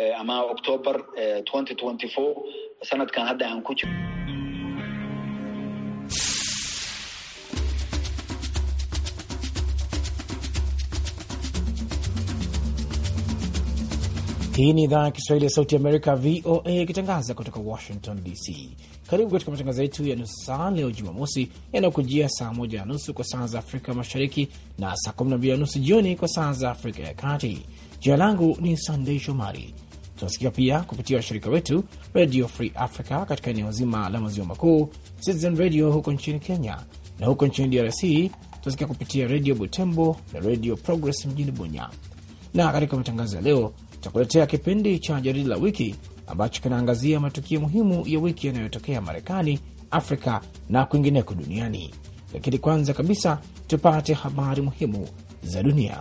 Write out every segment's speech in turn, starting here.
Eh, ama October 2024 eh, sanadkan hadda aan ku jiro. Hii ni idhaa ya Kiswahili ya Sauti Amerika, VOA, ikitangaza kutoka Washington DC. Karibu katika matangazo yetu ya nusu saa leo Jumamosi, yanayokujia saa moja na nusu kwa saa za Afrika Mashariki na saa kumi na mbili na nusu jioni kwa saa za Afrika ya Kati. Jina langu ni Sandei Shomari Tunasikia pia kupitia washirika wetu Radio Free Africa katika eneo zima la maziwa makuu, Citizen Radio huko nchini Kenya, na huko nchini DRC tunasikia kupitia Radio Butembo na Radio Progress mjini Bunya. Na katika matangazo ya leo tutakuletea kipindi cha jarida la wiki ambacho kinaangazia matukio muhimu ya wiki yanayotokea Marekani, Afrika na kwingineko duniani. Lakini kwanza kabisa tupate habari muhimu za dunia.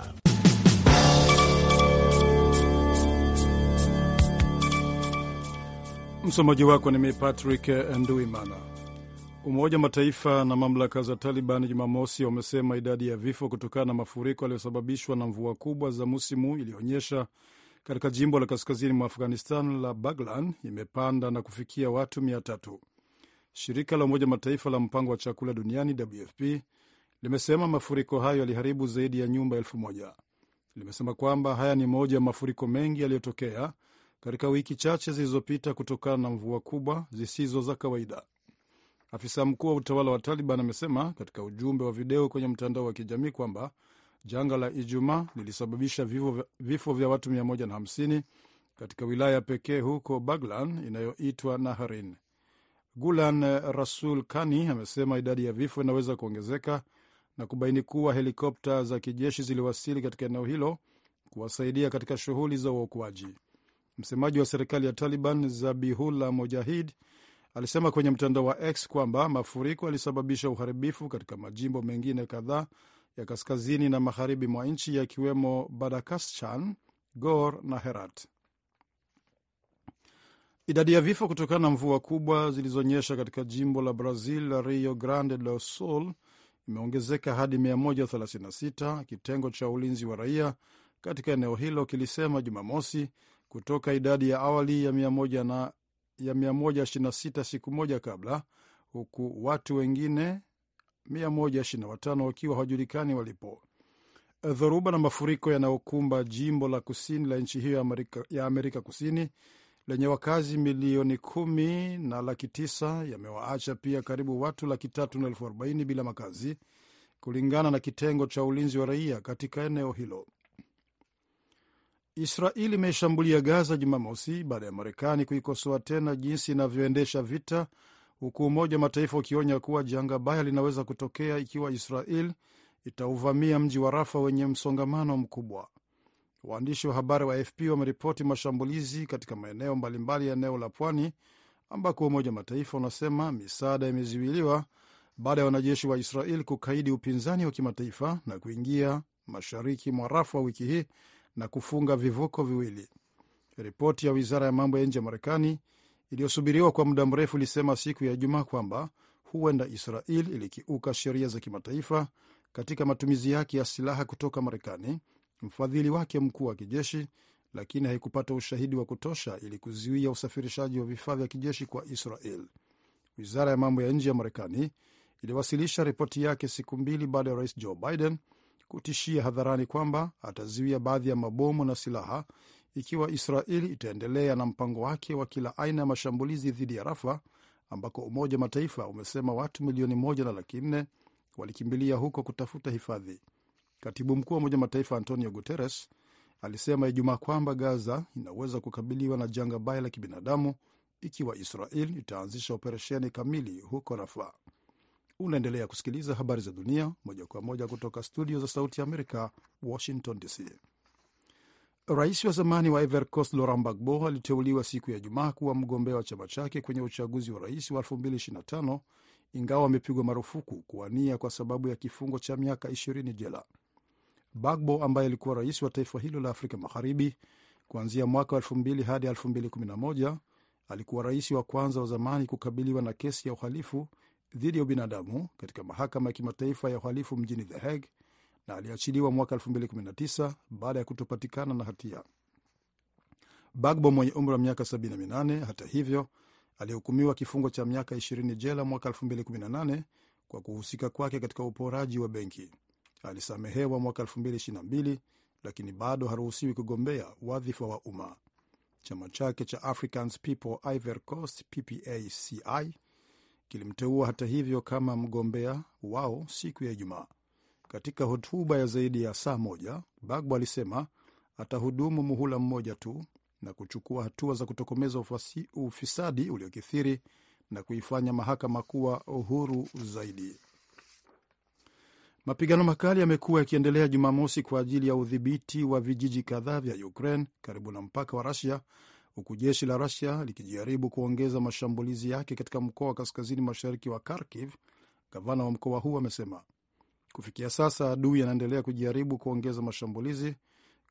Msomaji wako ni mi Patrick Nduimana. Umoja wa Mataifa na mamlaka za Taliban Jumamosi wamesema idadi ya vifo kutokana na mafuriko yaliyosababishwa na mvua kubwa za musimu iliyoonyesha katika jimbo la kaskazini mwa Afghanistan la Baglan imepanda na kufikia watu mia tatu. Shirika la Umoja Mataifa la mpango wa chakula duniani WFP limesema mafuriko hayo yaliharibu zaidi ya nyumba elfu moja. Limesema kwamba haya ni moja ya mafuriko mengi yaliyotokea katika wiki chache zilizopita kutokana na mvua kubwa zisizo za kawaida. Afisa mkuu wa utawala wa Taliban amesema katika ujumbe wa video kwenye mtandao wa kijamii kwamba janga la Ijumaa lilisababisha vifo vya watu 150 katika wilaya pekee huko Baglan inayoitwa Naharin. Gulan Rasul Kani amesema idadi ya vifo inaweza kuongezeka na kubaini kuwa helikopta za kijeshi ziliwasili katika eneo hilo kuwasaidia katika shughuli za uokoaji. Msemaji wa serikali ya Taliban Zabihullah mojahid alisema kwenye mtandao wa X kwamba mafuriko yalisababisha uharibifu katika majimbo mengine kadhaa ya kaskazini na magharibi mwa nchi yakiwemo badakaschan Gor na Herat. Idadi ya vifo kutokana na mvua kubwa zilizonyesha katika jimbo la Brazil la Rio Grande do Sul imeongezeka hadi 136, kitengo cha ulinzi wa raia katika eneo hilo kilisema Jumamosi, kutoka idadi ya awali ya 126 siku moja kabla, huku watu wengine 125 wakiwa hawajulikani walipo. Dhoruba na mafuriko yanayokumba jimbo la kusini la nchi hiyo ya Amerika, ya Amerika Kusini lenye wakazi milioni kumi na laki tisa yamewaacha pia karibu watu laki tatu na elfu arobaini bila makazi, kulingana na kitengo cha ulinzi wa raia katika eneo hilo. Israeli imeshambulia Gaza Jumamosi baada ya Marekani kuikosoa tena jinsi inavyoendesha vita, huku Umoja wa Mataifa ukionya kuwa janga baya linaweza kutokea ikiwa Israel itauvamia mji wa Rafa wenye msongamano mkubwa. Waandishi wa habari wa AFP wameripoti mashambulizi katika maeneo mbalimbali ya eneo la pwani ambako Umoja wa Mataifa unasema misaada imezuiliwa baada ya wanajeshi wa Israel kukaidi upinzani wa kimataifa na kuingia mashariki mwa Rafa wiki hii na kufunga vivuko viwili. Ripoti ya wizara ya mambo ya nje ya Marekani iliyosubiriwa kwa muda mrefu ilisema siku ya Ijumaa kwamba huenda Israel ilikiuka sheria za kimataifa katika matumizi yake ya silaha kutoka Marekani, mfadhili wake mkuu wa kijeshi, lakini haikupata ushahidi wa kutosha ili kuzuia usafirishaji wa vifaa vya kijeshi kwa Israel. Wizara ya mambo ya nje ya Marekani iliwasilisha ripoti yake siku mbili baada ya rais Joe Biden kutishia hadharani kwamba atazuia baadhi ya mabomu na silaha ikiwa israel itaendelea na mpango wake wa kila aina ya mashambulizi dhidi ya Rafa ambako Umoja wa Mataifa umesema watu milioni moja na laki nne walikimbilia huko kutafuta hifadhi. Katibu mkuu wa Umoja wa Mataifa Antonio Guterres alisema Ijumaa kwamba Gaza inaweza kukabiliwa na janga baya la kibinadamu ikiwa Israel itaanzisha operesheni kamili huko Rafa. Unaendelea kusikiliza habari za dunia moja kwa moja kutoka studio za sauti ya Amerika, Washington DC. Rais wa zamani wa Ivory Coast Laurent Gbagbo aliteuliwa siku ya Jumaa kuwa mgombea wa chama chake kwenye uchaguzi wa rais wa 2025 ingawa amepigwa marufuku kuwania kwa sababu ya kifungo cha miaka 20 jela. Bagbo ambaye alikuwa rais wa taifa hilo la Afrika Magharibi kuanzia mwaka wa 2000 hadi 2011 alikuwa rais wa kwanza wa zamani kukabiliwa na kesi ya uhalifu dhidi ya ubinadamu katika mahakama ya kimataifa ya uhalifu mjini The Hague na aliachiliwa mwaka 2019 baada ya kutopatikana na hatia. Bagbo mwenye umri wa miaka 78, hata hivyo, alihukumiwa kifungo cha miaka 20 jela mwaka 2018 kwa kuhusika kwake katika uporaji wa benki. Alisamehewa mwaka 2022 lakini bado haruhusiwi kugombea wadhifa wa umma. Chama chake cha Africans People Ivory Coast PPACI kilimteua hata hivyo kama mgombea wao siku ya Ijumaa. Katika hotuba ya zaidi ya saa moja, Bagbo alisema atahudumu muhula mmoja tu na kuchukua hatua za kutokomeza ufisadi uliokithiri na kuifanya mahakama kuwa uhuru zaidi. Mapigano makali yamekuwa yakiendelea Jumamosi kwa ajili ya udhibiti wa vijiji kadhaa vya Ukraine karibu na mpaka wa rasia huku jeshi la Rusia likijaribu kuongeza mashambulizi yake katika mkoa wa kaskazini mashariki wa Kharkiv. Gavana wa mkoa huu amesema kufikia sasa adui anaendelea kujaribu kuongeza mashambulizi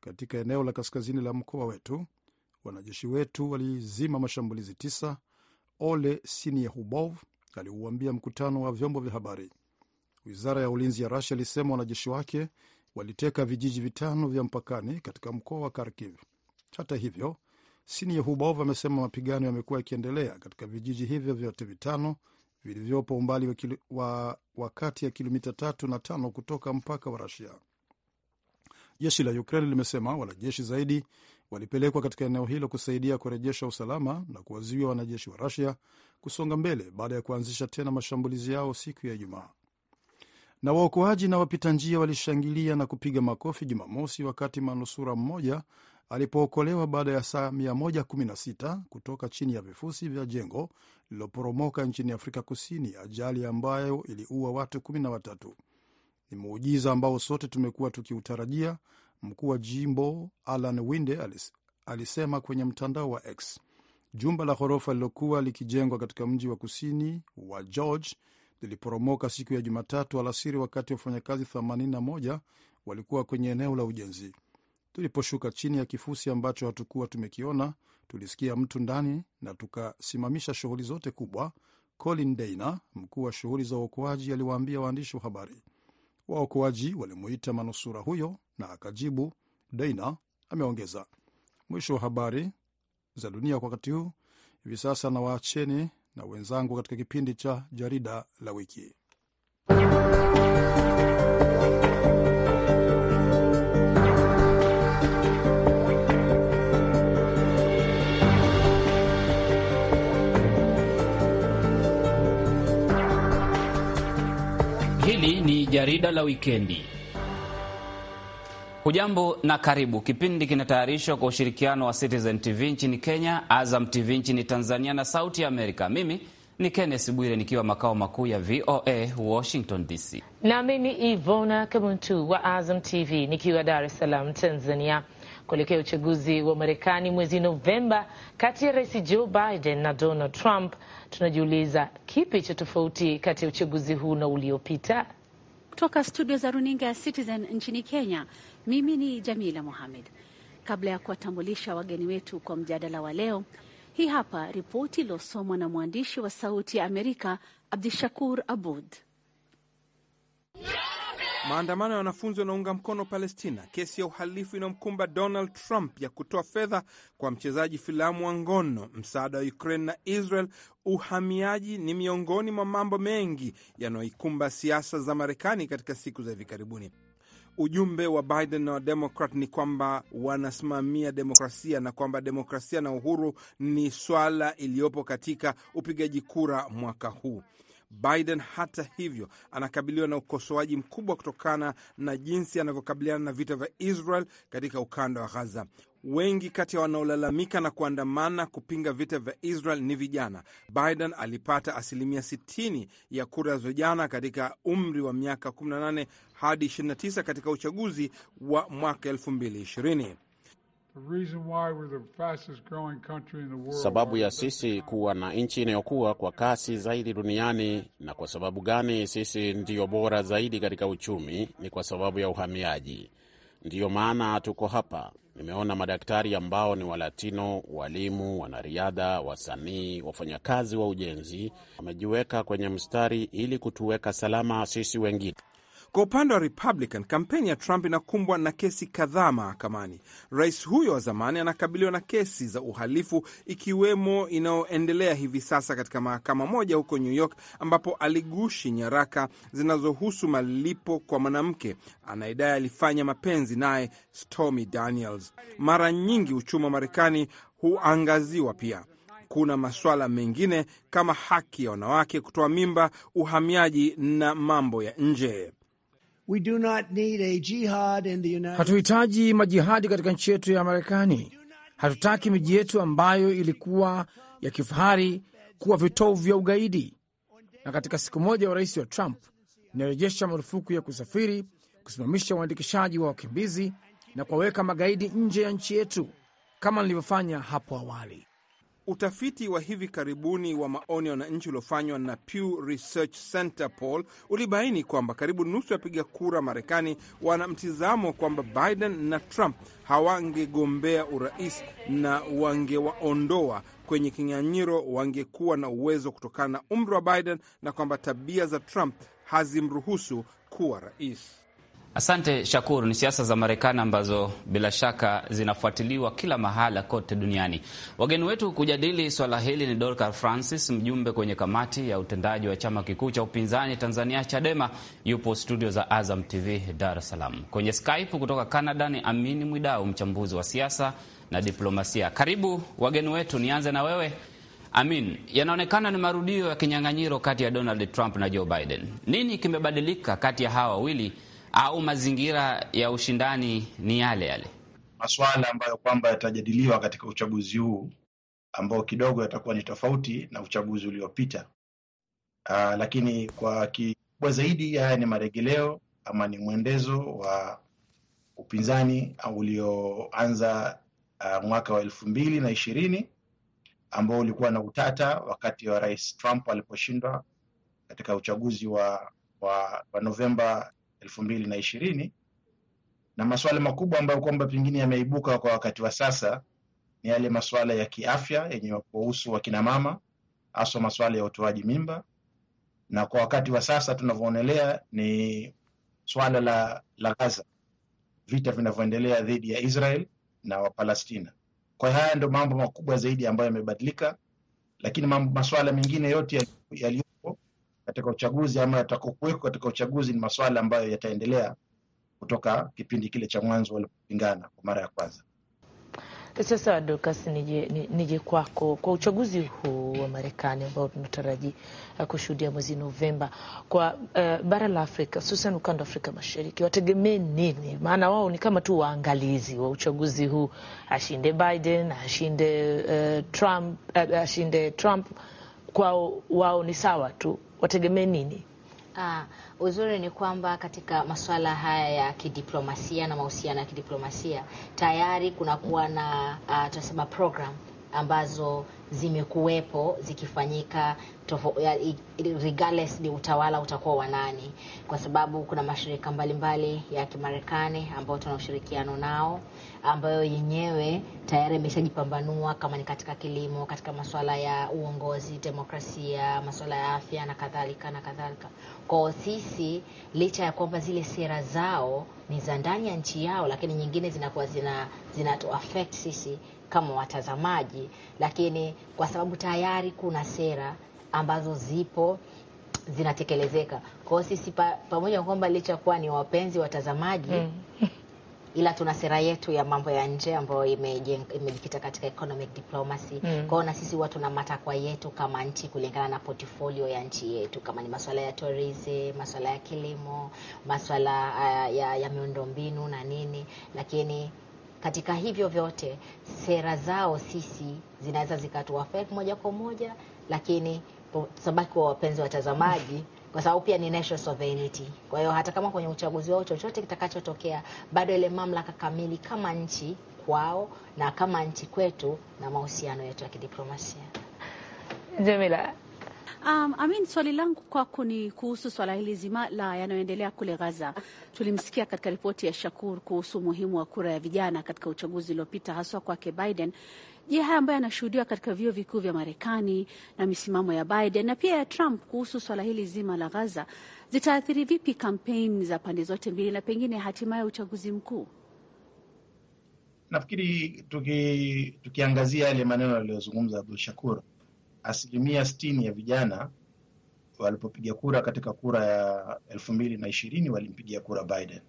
katika eneo la kaskazini la mkoa wetu. Wanajeshi wetu walizima mashambulizi tisa, Ole Sinyehubov aliuambia mkutano wa vyombo vya habari. Wizara ya ulinzi ya Rusia ilisema wanajeshi wake waliteka vijiji vitano vya mpakani katika mkoa wa Kharkiv. Hata hivyo Siniyehubov amesema mapigano yamekuwa yakiendelea katika vijiji hivyo vyote vitano vilivyopo umbali wa, kil... wa... wa kati ya kilomita tatu na tano kutoka mpaka wa Rusia. Jeshi la Ukraine limesema wanajeshi zaidi walipelekwa katika eneo hilo kusaidia kurejesha usalama na kuwazuia wanajeshi wa Rusia kusonga mbele baada ya kuanzisha tena mashambulizi yao siku ya Ijumaa. Na waokoaji na wapita njia walishangilia na kupiga makofi Jumamosi wakati manusura mmoja alipookolewa baada ya saa 116 kutoka chini ya vifusi vya jengo lililoporomoka nchini Afrika Kusini, ajali ambayo iliua watu 13. Ni muujiza ambao sote tumekuwa tukiutarajia, mkuu wa jimbo Alan Winde alisema kwenye mtandao wa X. Jumba la ghorofa lililokuwa likijengwa katika mji wa kusini wa George liliporomoka siku ya Jumatatu alasiri wakati wafanyakazi 81 walikuwa kwenye eneo la ujenzi. Tuliposhuka chini ya kifusi ambacho hatukuwa tumekiona, tulisikia mtu ndani na tukasimamisha shughuli zote kubwa, Colin Deina, mkuu wa shughuli za uokoaji, aliwaambia waandishi wa habari. Waokoaji walimuita manusura huyo na akajibu, Deina ameongeza. Mwisho wa habari za dunia kwa wakati huu. Hivi sasa na waacheni na wenzangu katika kipindi cha jarida la wiki. jarida la wikendi. Hujambo na karibu. Kipindi kinatayarishwa kwa ushirikiano wa Citizen TV nchini Kenya, Azam TV nchini Tanzania na Sauti ya Amerika. Mimi ni kennes Bwire nikiwa makao makuu ya VOA Washington DC, na mimi Ivona Kamuntu wa Azam TV nikiwa Dar es Salaam, Tanzania. Kuelekea uchaguzi wa Marekani mwezi Novemba kati ya Rais Joe Biden na Donald Trump, tunajiuliza kipi cha tofauti kati ya uchaguzi huu na uliopita? Kutoka studio za runinga ya Citizen nchini Kenya, mimi ni Jamila Mohamed. Kabla ya kuwatambulisha wageni wetu kwa mjadala wa leo, hii hapa ripoti iliyosomwa na mwandishi wa Sauti ya Amerika Abdishakur Abud. Maandamano ya wanafunzi wanaunga mkono Palestina. Kesi ya uhalifu inayomkumba Donald Trump ya kutoa fedha kwa mchezaji filamu wa ngono. Msaada wa Ukraine na Israel. Uhamiaji ni miongoni mwa mambo mengi yanayoikumba siasa za Marekani katika siku za hivi karibuni. Ujumbe wa Biden na Wademokrat ni kwamba wanasimamia demokrasia na kwamba demokrasia na uhuru ni swala iliyopo katika upigaji kura mwaka huu. Biden hata hivyo anakabiliwa na ukosoaji mkubwa kutokana na jinsi anavyokabiliana na vita vya Israel katika ukanda wa Ghaza. Wengi kati ya wanaolalamika na kuandamana kupinga vita vya Israel ni vijana. Biden alipata asilimia 60 ya kura za vijana katika umri wa miaka 18 hadi 29 katika uchaguzi wa mwaka 2020. Sababu ya sisi kuwa na nchi inayokuwa kwa kasi zaidi duniani, na kwa sababu gani sisi ndiyo bora zaidi katika uchumi, ni kwa sababu ya uhamiaji. Ndiyo maana tuko hapa. Nimeona madaktari ambao ni Walatino, walimu, wanariadha, wasanii, wafanyakazi wa ujenzi, wamejiweka kwenye mstari ili kutuweka salama sisi wengine. Kwa upande wa Republican, kampeni ya Trump inakumbwa na kesi kadhaa mahakamani. Rais huyo wa zamani anakabiliwa na kesi za uhalifu, ikiwemo inayoendelea hivi sasa katika mahakama moja huko New York, ambapo aligushi nyaraka zinazohusu malipo kwa mwanamke anayedai alifanya mapenzi naye Stormy Daniels. Mara nyingi uchumi wa Marekani huangaziwa pia. Kuna masuala mengine kama haki ya wanawake kutoa mimba, uhamiaji na mambo ya nje. Hatuhitaji majihadi katika nchi yetu ya Marekani. Hatutaki miji yetu ambayo ilikuwa ya kifahari kuwa vitovu vya ugaidi. Na katika siku moja, rais wa Trump inarejesha marufuku ya kusafiri, kusimamisha uandikishaji wa wakimbizi na kuwaweka magaidi nje ya nchi yetu kama nilivyofanya hapo awali. Utafiti wa hivi karibuni wa maoni ya wananchi uliofanywa na Pew Research Center poll ulibaini kwamba karibu nusu ya wapiga kura Marekani wana mtizamo kwamba Biden na Trump hawangegombea urais na wangewaondoa kwenye kinyanyiro wangekuwa na uwezo kutokana na umri wa Biden na kwamba tabia za Trump hazimruhusu kuwa rais. Asante Shakur. Ni siasa za Marekani ambazo bila shaka zinafuatiliwa kila mahala kote duniani. Wageni wetu kujadili swala hili ni Dorcas Francis, mjumbe kwenye kamati ya utendaji wa chama kikuu cha upinzani Tanzania, Chadema. Yupo studio za Azam TV Dar es Salaam. Kwenye Skype kutoka Canada ni Amini Mwidau, mchambuzi wa siasa na diplomasia. Karibu wageni wetu, nianze na wewe Amin, yanaonekana ni marudio ya kinyang'anyiro kati ya Donald Trump na Joe Biden. Nini kimebadilika kati ya hawa wawili au mazingira ya ushindani ni yale yale? Masuala ambayo kwamba yatajadiliwa katika uchaguzi huu ambao kidogo yatakuwa ni tofauti na uchaguzi uliopita. Uh, lakini kwa kikubwa zaidi haya ni maregeleo ama ni mwendezo wa upinzani ulioanza uh, mwaka wa elfu mbili na ishirini ambao ulikuwa na utata wakati wa Rais Trump aliposhindwa katika uchaguzi wa, wa, wa Novemba elfu mbili na ishirini na masuala makubwa ambayo kwamba pengine yameibuka kwa wakati wa sasa ni yale masuala ya kiafya yenye kuhusu wakinamama haswa masuala ya utoaji mimba, na kwa wakati wa sasa tunavyoonelea ni swala la, la Gaza, vita vinavyoendelea dhidi ya Israel na Wapalestina. Kwa haya ndio mambo makubwa zaidi ambayo yamebadilika, lakini masuala mengine yote yaliyo katika uchaguzi ama yatakokuwekwa katika uchaguzi ni masuala ambayo yataendelea kutoka kipindi kile cha mwanzo walipopingana kwa mara ya kwanza. Sasa Dorcas, nije, nije kwako kwa uchaguzi huu wa Marekani ambao tunataraji kushuhudia mwezi Novemba kwa uh, bara la Afrika hususan ukanda wa Afrika Mashariki wategemee nini? Maana wao ni kama tu waangalizi wa uchaguzi huu, ashinde Biden, ashinde uh, Trump, uh, ashinde Trump, kwao wao ni sawa tu wategemee nini? Ah, uzuri ni kwamba katika masuala haya ya kidiplomasia na mahusiano ya kidiplomasia tayari kunakuwa na uh, tunasema program ambazo zimekuwepo zikifanyika tofo, regardless ni utawala utakuwa wa nani, kwa sababu kuna mashirika mbalimbali mbali ya Kimarekani ambayo tuna ushirikiano nao ambayo yenyewe tayari imeshajipambanua kama ni katika kilimo, katika masuala ya uongozi, demokrasia, masuala ya afya na kadhalika na kadhalika. Kwao sisi, licha ya kwamba zile sera zao ni za ndani ya nchi yao, lakini nyingine zinakuwa zina, zina affect sisi kama watazamaji, lakini kwa sababu tayari kuna sera ambazo zipo zinatekelezeka. Kwa hiyo sisi pa, pamoja kwamba licha kuwa ni wapenzi watazamaji mm. ila tuna sera yetu ya mambo ya nje ambayo imejikita katika economic diplomacy mm. kwao na sisi huwa tuna matakwa yetu kama nchi kulingana na portfolio ya nchi yetu, kama ni masuala ya tourism, masuala ya kilimo, masuala uh, ya, ya miundombinu na nini, lakini katika hivyo vyote, sera zao sisi zinaweza zikatuaffect moja kwa moja, lakini sabaki kwa wapenzi watazamaji kwa sababu pia ni national sovereignty. Kwa hiyo hata kama kwenye uchaguzi wao chochote kitakachotokea, bado ile mamlaka kamili kama nchi kwao na kama nchi kwetu na mahusiano yetu ya kidiplomasia. Jamila, Um, Amin, swali langu kwako ni kuhusu swala hili zima la yanayoendelea kule Gaza. Tulimsikia katika ripoti ya Shakur kuhusu umuhimu wa kura ya vijana katika uchaguzi uliopita haswa kwake Biden. Je, haya ambayo yanashuhudiwa katika vyuo vikuu vya Marekani na misimamo ya Biden na pia ya Trump kuhusu swala hili zima la Gaza zitaathiri vipi kampeni za pande zote mbili na pengine hatimaye uchaguzi mkuu? Nafikiri tuki, tukiangazia yale maneno aliyozungumza Abdul Shakur asilimia sitini ya vijana walipopiga kura katika kura ya elfu mbili na ishirini walimpigia kura Biden,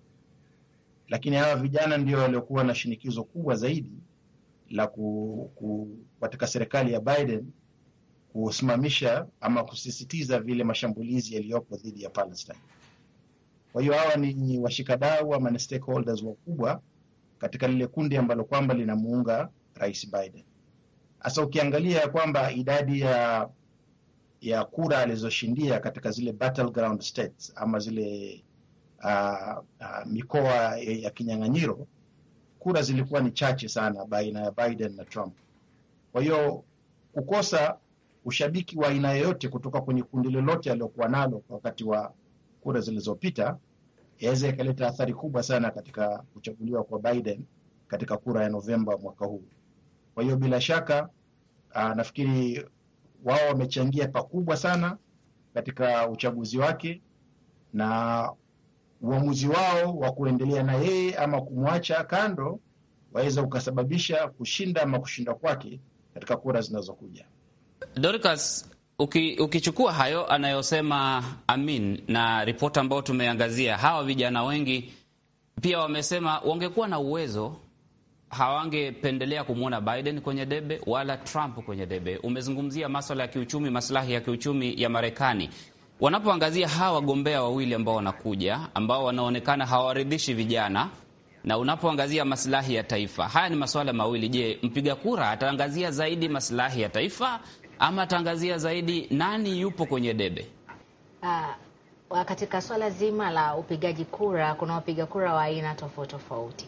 lakini hawa vijana ndio waliokuwa na shinikizo kubwa zaidi la ku, ku, katika serikali ya Biden kusimamisha ama kusisitiza vile mashambulizi yaliyopo dhidi ya Palestine. Kwa hiyo hawa ni washikadau ama ni stakeholders wakubwa katika lile kundi ambalo kwamba linamuunga Rais Biden. Sasa ukiangalia ya kwamba idadi ya ya kura alizoshindia katika zile battleground states ama zile uh, uh, mikoa ya kinyang'anyiro, kura zilikuwa ni chache sana baina ya Biden na Trump. Kwa hiyo kukosa ushabiki wa aina yoyote kutoka kwenye kundi lolote aliyokuwa nalo kwa wakati wa kura zilizopita yaweza ikaleta athari kubwa sana katika kuchaguliwa kwa Biden katika kura ya Novemba mwaka huu. Kwa hiyo bila shaka aa, ah, nafikiri wao wamechangia pakubwa sana katika uchaguzi wake na uamuzi wao wa kuendelea na yeye ama kumwacha kando waweza ukasababisha kushinda ama kushinda kwake katika kura zinazokuja. Dorcas, uki, ukichukua hayo anayosema Amin na ripoti ambayo tumeangazia, hawa vijana wengi pia wamesema wangekuwa na uwezo hawangependelea kumwona Biden kwenye debe wala Trump kwenye debe. Umezungumzia maswala ya kiuchumi, masilahi ya kiuchumi ya Marekani. Wanapoangazia hawa wagombea wawili ambao wanakuja, ambao wanaonekana hawaridhishi vijana, na unapoangazia masilahi ya taifa, haya ni masuala mawili. Je, mpiga kura ataangazia zaidi masilahi ya taifa ama ataangazia zaidi nani yupo kwenye debe? Uh, katika swala zima la upigaji kura, kuna wapiga kura wa aina tofauti tofauti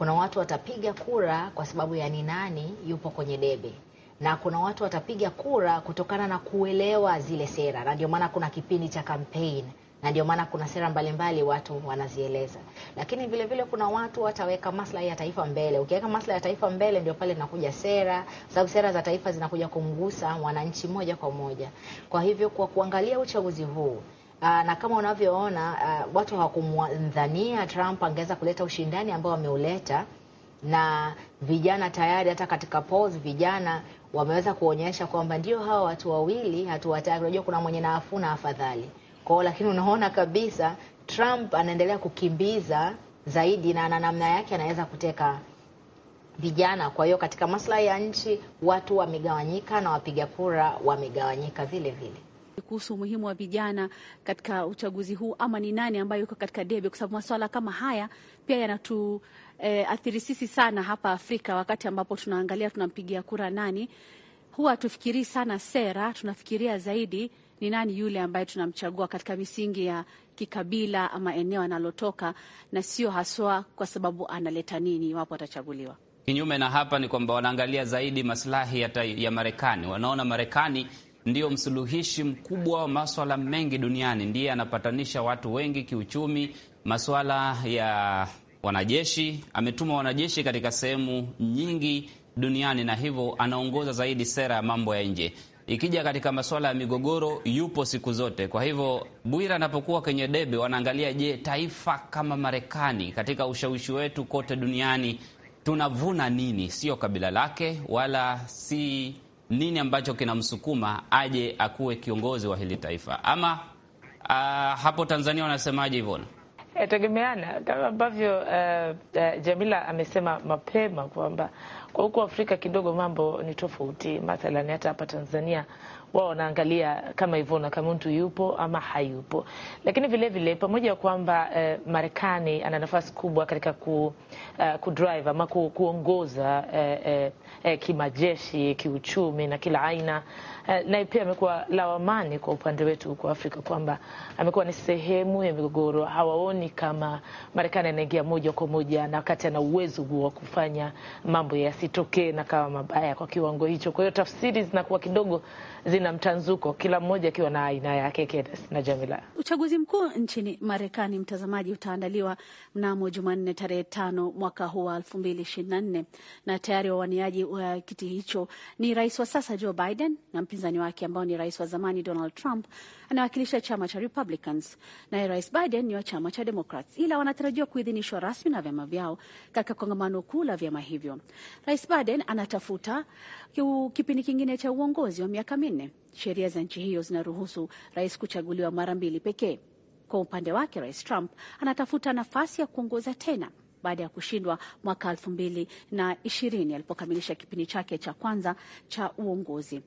kuna watu watapiga kura kwa sababu ya ni nani yupo kwenye debe na kuna watu watapiga kura kutokana na kuelewa zile sera, na ndio maana kuna kipindi cha campaign, na ndio maana kuna sera mbalimbali mbali watu wanazieleza. Lakini vile vile kuna watu wataweka maslahi ya taifa mbele. Ukiweka maslahi ya taifa mbele, ndio pale inakuja sera, sababu sera za taifa zinakuja kumgusa mwananchi moja kwa moja. Kwa hivyo, kwa kuangalia uchaguzi huu Uh, na kama unavyoona uh, watu hawakumdhania Trump angeweza kuleta ushindani ambao ameuleta, na vijana tayari hata katika polls vijana wameweza kuonyesha kwamba ndio hawa watu wawili hatuwataki. Unajua kuna mwenye naafu na afadhali kwao, lakini unaona kabisa Trump anaendelea kukimbiza zaidi na ana namna yake anaweza kuteka vijana. Kwa hiyo katika maslahi ya nchi watu wamegawanyika na wapiga kura wamegawanyika vile vile kuhusu umuhimu wa vijana katika uchaguzi huu, ama ni nani ambayo yuko katika debe, kwa sababu masuala kama haya pia yanatu e, athiri sisi sana hapa Afrika. Wakati ambapo tunaangalia tunampigia kura nani, huwa hatufikirii sana sera, tunafikiria zaidi ni nani yule ambaye tunamchagua katika misingi ya kikabila ama eneo analotoka, na sio haswa kwa sababu analeta nini iwapo atachaguliwa. Kinyume na hapa ni kwamba wanaangalia zaidi maslahi ya, ya Marekani. Wanaona Marekani ndiyo msuluhishi mkubwa wa maswala mengi duniani, ndiye anapatanisha watu wengi kiuchumi, maswala ya wanajeshi. Ametuma wanajeshi katika sehemu nyingi duniani na hivyo anaongoza zaidi sera ya mambo ya nje. Ikija katika masuala ya migogoro, yupo siku zote. Kwa hivyo, Bwira anapokuwa kwenye debe, wanaangalia je, taifa kama Marekani katika ushawishi wetu kote duniani tunavuna nini? Sio kabila lake wala si nini ambacho kinamsukuma aje akuwe kiongozi wa hili taifa ama a, ah, hapo Tanzania wanasemaje hivyo? Eh, Yategemeana kama ambavyo uh, uh, Jamila amesema mapema kwamba kwa huku Afrika kidogo mambo ni tofauti. Mathalani hata hapa Tanzania wao wanaangalia kama kama mtu yupo ama hayupo. Lakini vile vile pamoja kwamba eh, Marekani ana nafasi kubwa katika ku, uh, kudrive ama ku, kuongoza eh, eh, eh, kimajeshi, kiuchumi na kila aina Eh, naye pia amekuwa lawamani kwa upande wetu huko Afrika kwamba amekuwa ni sehemu ya migogoro. Hawaoni kama Marekani anaingia moja kwa moja, na wakati ana uwezo huo wa kufanya mambo yasitokee na kama mabaya kwa kiwango hicho. Kwa hiyo tafsiri zinakuwa kidogo zina mtanzuko, kila mmoja akiwa na aina yake. Kenes na Jamila, uchaguzi mkuu nchini Marekani, mtazamaji, utaandaliwa mnamo Jumanne tarehe tano mwaka huu wa elfu mbili ishirini na nne na tayari wawaniaji wa kiti hicho ni rais wa sasa Joe Biden na mpinzani wake ambao ni rais wa zamani Donald Trump anawakilisha chama cha Republicans, naye rais Biden ni wa chama cha Democrats, ila wanatarajiwa kuidhinishwa rasmi na vyama vyao katika kongamano kuu la vyama hivyo. Rais Biden anatafuta kipindi kingine cha uongozi wa miaka minne. Sheria za nchi hiyo zinaruhusu rais kuchaguliwa mara mbili pekee. Kwa upande wake, rais Trump anatafuta nafasi ya kuongoza tena baada ya kushindwa mwaka elfu mbili na ishirini alipokamilisha kipindi chake cha kwanza cha uongozi.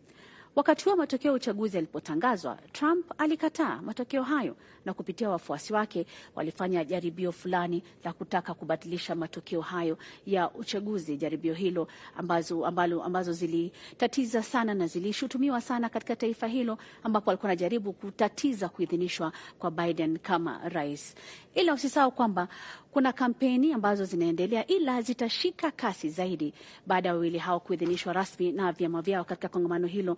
Wakati huo matokeo ya uchaguzi yalipotangazwa, Trump alikataa matokeo hayo na kupitia wafuasi wake walifanya jaribio fulani la kutaka kubatilisha matokeo hayo ya uchaguzi, jaribio hilo ambazo, ambalo, ambazo zilitatiza sana na zilishutumiwa sana katika taifa hilo, ambapo walikuwa anajaribu kutatiza kuidhinishwa kwa Biden kama rais. Ila usisahau kwamba kuna kampeni ambazo zinaendelea, ila zitashika kasi zaidi baada ya wawili hao kuidhinishwa rasmi na vyama vyao katika kongamano hilo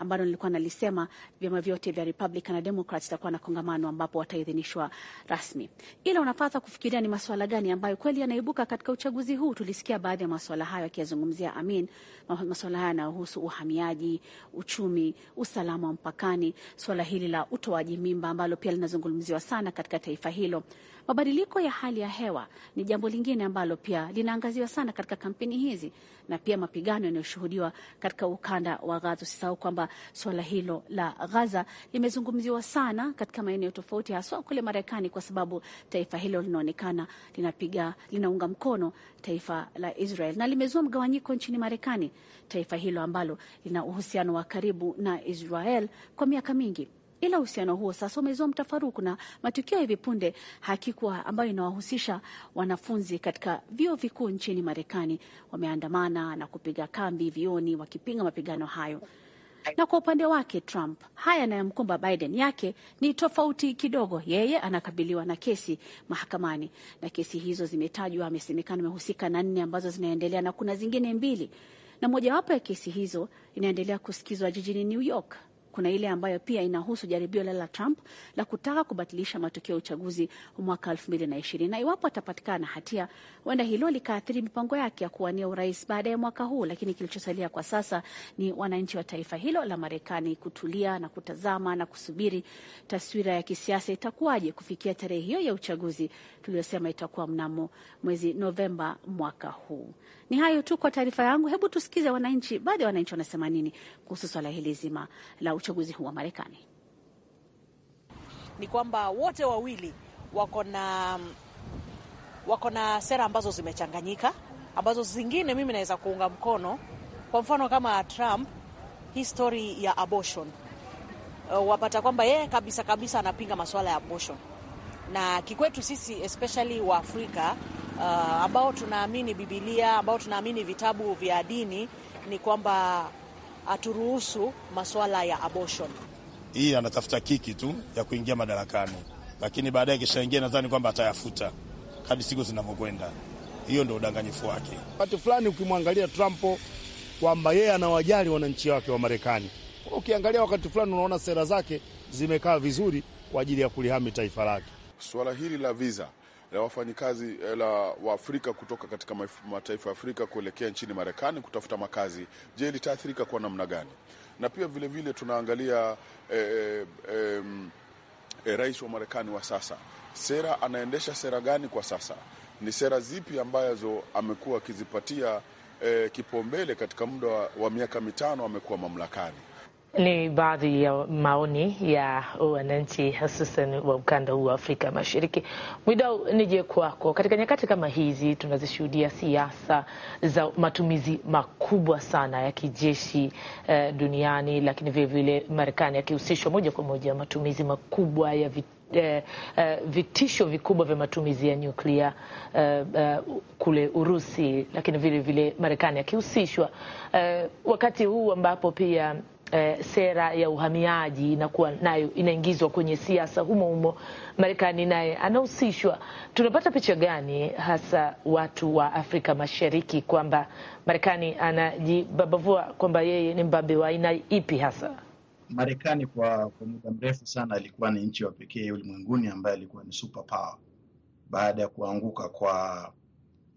ambalo nilikuwa nalisema vyama vyote vya Republican na Democrats itakuwa na kongamano ambapo wataidhinishwa rasmi. Ila unapata kufikiria ni masuala gani ambayo kweli yanaibuka katika uchaguzi huu. Tulisikia baadhi ya masuala hayo akiyazungumzia Amin, masuala haya yanayohusu uhamiaji, uchumi, usalama wa mpakani, suala hili la utoaji mimba ambalo pia linazungumziwa sana katika taifa hilo. Mabadiliko ya hali ya hewa ni jambo lingine ambalo pia linaangaziwa sana katika kampeni hizi na pia mapigano yanayoshuhudiwa katika ukanda wa Gaza. Usisahau kwamba suala hilo la Gaza limezungumziwa sana katika maeneo tofauti, haswa kule Marekani, kwa sababu taifa hilo linaonekana linapiga linaunga mkono taifa la Israel na limezua mgawanyiko nchini Marekani, taifa hilo ambalo lina uhusiano wa karibu na Israel kwa miaka mingi ila uhusiano huo sasa umezua mtafaruku na matukio ya hivi punde hakikuwa ambayo inawahusisha wanafunzi katika vyuo vikuu nchini Marekani wameandamana na kupiga kambi vioni wakipinga mapigano hayo. Na kwa upande wake Trump, haya yanayomkumba Biden yake ni tofauti kidogo. Yeye anakabiliwa na kesi mahakamani, na kesi hizo zimetajwa, amesemekana amehusika na nne ambazo zinaendelea na kuna zingine mbili, na mojawapo ya kesi hizo inaendelea kusikizwa jijini New York kuna ile ambayo pia inahusu jaribio la Trump la kutaka kubatilisha matokeo ya uchaguzi mwaka 2020 na iwapo atapatikana hatia, huenda hilo likaathiri mipango yake ya kuwania urais baada ya mwaka huu. Lakini kilichosalia kwa sasa ni wananchi wa taifa hilo la Marekani kutulia na kutazama na kusubiri taswira ya kisiasa itakuwaje kufikia tarehe hiyo ya uchaguzi tuliyosema itakuwa mnamo mwezi Novemba mwaka huu. Ni hayo tu kwa taarifa yangu. Hebu tusikize wananchi, baadhi ya wananchi wanasema nini kuhusu swala hili zima la uchaguzi huu wa Marekani. Ni kwamba wote wawili wako na wako na sera ambazo zimechanganyika, ambazo zingine mimi naweza kuunga mkono. Kwa mfano kama Trump, histori ya abortion uh, wapata kwamba yeye kabisa kabisa anapinga masuala ya abortion, na kikwetu sisi especially wa Afrika uh, ambao tunaamini Bibilia, ambao tunaamini vitabu vya dini, ni kwamba aturuhusu masuala ya abortion. Hii anatafuta kiki tu ya kuingia madarakani, lakini baadaye akishaingia, nadhani kwamba atayafuta hadi siku zinavyokwenda. Hiyo ndio udanganyifu wake. Wakati fulani ukimwangalia Trump kwamba yeye anawajali wananchi wake wa Marekani, ukiangalia wakati fulani unaona sera zake zimekaa vizuri kwa ajili ya kulihami taifa lake. Suala hili la visa la wafanyikazi eh, la Waafrika kutoka katika mataifa ya Afrika kuelekea nchini Marekani kutafuta makazi, je, litaathirika kwa namna gani? Na pia vilevile vile tunaangalia eh, eh, eh, rais wa Marekani wa sasa, sera anaendesha sera gani kwa sasa? Ni sera zipi ambazo amekuwa akizipatia eh, kipaumbele katika muda wa miaka mitano amekuwa mamlakani? Ni baadhi ya maoni ya wananchi hususan wa ukanda huu wa Afrika Mashariki. Mwidau, nije kwako. Katika nyakati kama hizi tunazishuhudia siasa za matumizi makubwa sana ya kijeshi eh, duniani, lakini vilevile Marekani yakihusishwa moja kwa moja matumizi makubwa ya vit, eh, eh, vitisho vikubwa vya matumizi ya nyuklia eh, eh, kule Urusi, lakini vilevile Marekani yakihusishwa eh, wakati huu ambapo pia eh, sera ya uhamiaji inakuwa nayo inaingizwa kwenye siasa humo humo. Marekani naye anahusishwa. Tunapata picha gani hasa watu wa Afrika Mashariki kwamba Marekani anajibabavua kwamba yeye ni mbabe wa aina ipi hasa? Marekani kwa, kwa muda mrefu sana alikuwa ni nchi ya pekee ulimwenguni ambaye alikuwa ni superpower baada ya kuanguka kwa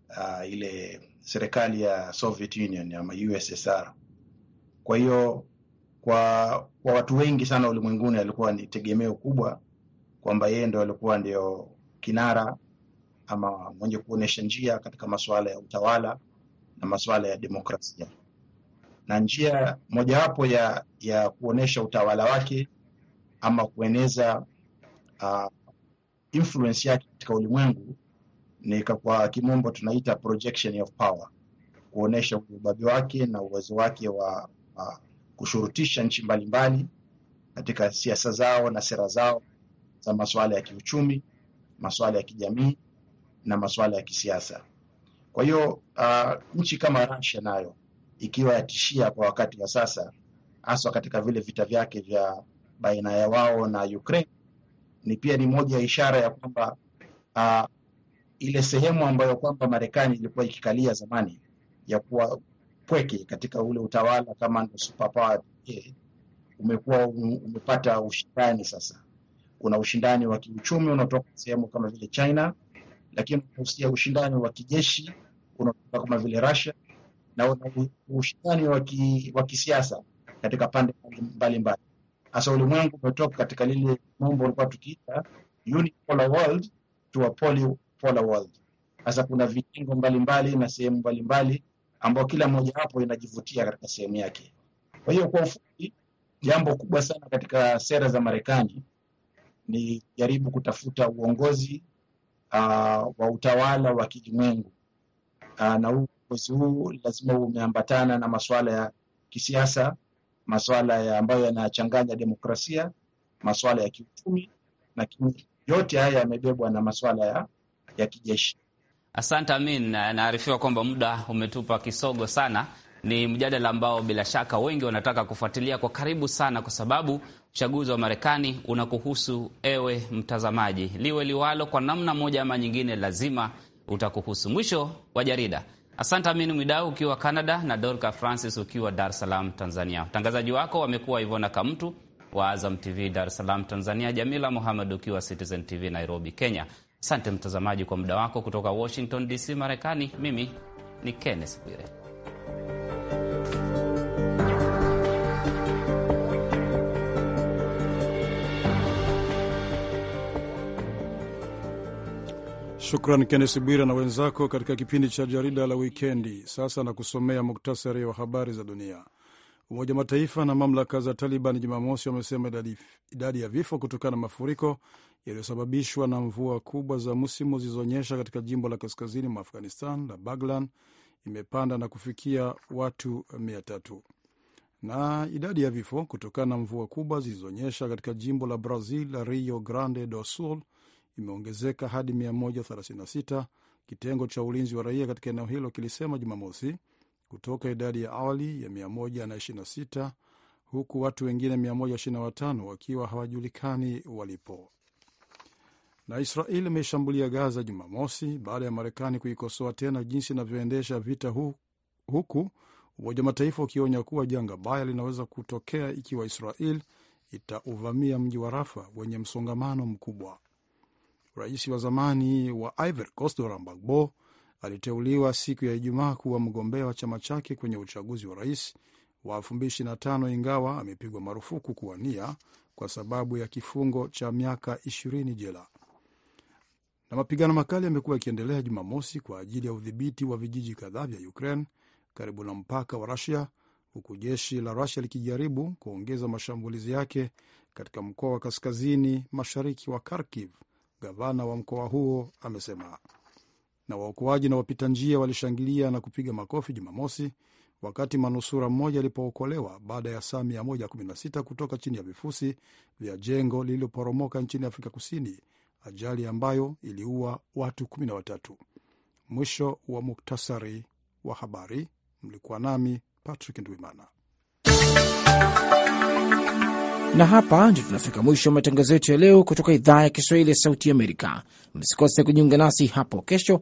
uh, ile serikali ya Soviet Union ama USSR. Kwa hiyo kwa, kwa watu wengi sana ulimwenguni alikuwa ni tegemeo kubwa kwamba yeye ndo alikuwa ndio kinara ama mwenye kuonyesha njia katika masuala ya utawala na masuala ya demokrasia. Na njia mojawapo ya, ya kuonyesha utawala wake ama kueneza uh, influence yake katika ulimwengu ni kwa kimombo tunaita projection of power, ubabi wake na uwezo wake wa uh, kushurutisha nchi mbalimbali katika siasa zao na sera zao za masuala ya kiuchumi, masuala ya kijamii na masuala ya kisiasa. Kwa hiyo uh, nchi kama Russia nayo ikiwa yatishia kwa wakati wa sasa, haswa katika vile vita vyake vya baina ya wao na Ukraine, ni pia ni moja ya ishara ya kwamba uh, ile sehemu ambayo kwamba Marekani ilikuwa ikikalia zamani ya kuwa pweke katika ule utawala kama ndo superpower eh, umekuwa umepata ushindani sasa. Kuna ushindani wa kiuchumi unaotoka sehemu kama vile China, lakini unahusia ushindani wa kijeshi unaotoka kama vile Russia na una ushindani wa kisiasa katika pande mbalimbali. Hasa ulimwengu umetoka katika lile mambo ulikuwa tukiita unipolar world to a polypolar world. Hasa kuna vitengo mbalimbali na sehemu mbalimbali ambao kila mojawapo inajivutia katika sehemu yake. Kwa hiyo, kwa ufupi, jambo kubwa sana katika sera za Marekani ni jaribu kutafuta uongozi uh, wa utawala wa kilimwengu uh, ah, na uongozi huu lazima umeambatana na masuala ya kisiasa, masuala ya ambayo yanachanganya demokrasia, masuala ya kiuchumi, lakini yote haya yamebebwa na masuala ya, ya kijeshi. Asante Amin. Naarifiwa kwamba muda umetupa kisogo sana. Ni mjadala ambao bila shaka wengi wanataka kufuatilia kwa karibu sana, kwa sababu uchaguzi wa Marekani unakuhusu ewe mtazamaji, liwe liwalo, kwa namna moja ama nyingine lazima utakuhusu. Mwisho wa jarida. Asante Amin Mwidau ukiwa Canada na Dorka Francis ukiwa Dar es Salaam, Tanzania. Mtangazaji wako wamekuwa Ivona Kamtu wa Azam TV Dar es Salaam, Tanzania, Jamila Muhammad ukiwa Citizen TV Nairobi, Kenya. Asante mtazamaji kwa muda wako. Kutoka Washington DC, Marekani, mimi ni Kenneth Bwire. Shukran Kennes Bwire na wenzako katika kipindi cha jarida la wikendi. Sasa na kusomea muktasari wa habari za dunia. Umoja Mataifa na mamlaka za Taliban Jumamosi wamesema idadi ya vifo kutokana na mafuriko yaliyosababishwa na mvua kubwa za msimu zilizonyesha katika jimbo la kaskazini mwa Afghanistan la Baglan imepanda na kufikia watu mia tatu na idadi ya vifo kutokana na mvua kubwa zilizonyesha katika jimbo la Brazil la Rio Grande do Sul imeongezeka hadi 136, kitengo cha ulinzi wa raia katika eneo hilo kilisema Jumamosi, kutoka idadi ya awali ya 126, huku watu wengine 125 wakiwa hawajulikani walipo. Na Israeli imeshambulia Gaza Jumamosi baada ya Marekani kuikosoa tena jinsi inavyoendesha vita hu, huku Umoja wa Mataifa ukionya kuwa janga baya linaweza kutokea ikiwa Israel itauvamia mji wa Rafa wenye msongamano mkubwa. Rais wa zamani wa Ivory Coast Laurent Gbagbo aliteuliwa siku ya Ijumaa kuwa mgombea wa chama chake kwenye uchaguzi wa rais wa 2025 ingawa amepigwa marufuku kuwania kwa sababu ya kifungo cha miaka 20 jela na mapigano makali yamekuwa yakiendelea Jumamosi kwa ajili ya udhibiti wa vijiji kadhaa vya Ukraine karibu na mpaka wa Rusia, huku jeshi la Rusia likijaribu kuongeza mashambulizi yake katika mkoa wa kaskazini mashariki wa Kharkiv, gavana wa mkoa huo amesema. Na waokoaji na wapita njia walishangilia na kupiga makofi Jumamosi wakati manusura mmoja alipookolewa baada ya saa 116 kutoka chini ya vifusi vya jengo lililoporomoka nchini Afrika Kusini ajali ambayo iliua watu 13. Mwisho wa muktasari wa habari. Mlikuwa nami Patrick Ndwimana, na hapa ndio tunafika mwisho wa matangazo yetu ya leo kutoka idhaa ya Kiswahili ya Sauti Amerika. Msikose kujiunga nasi hapo kesho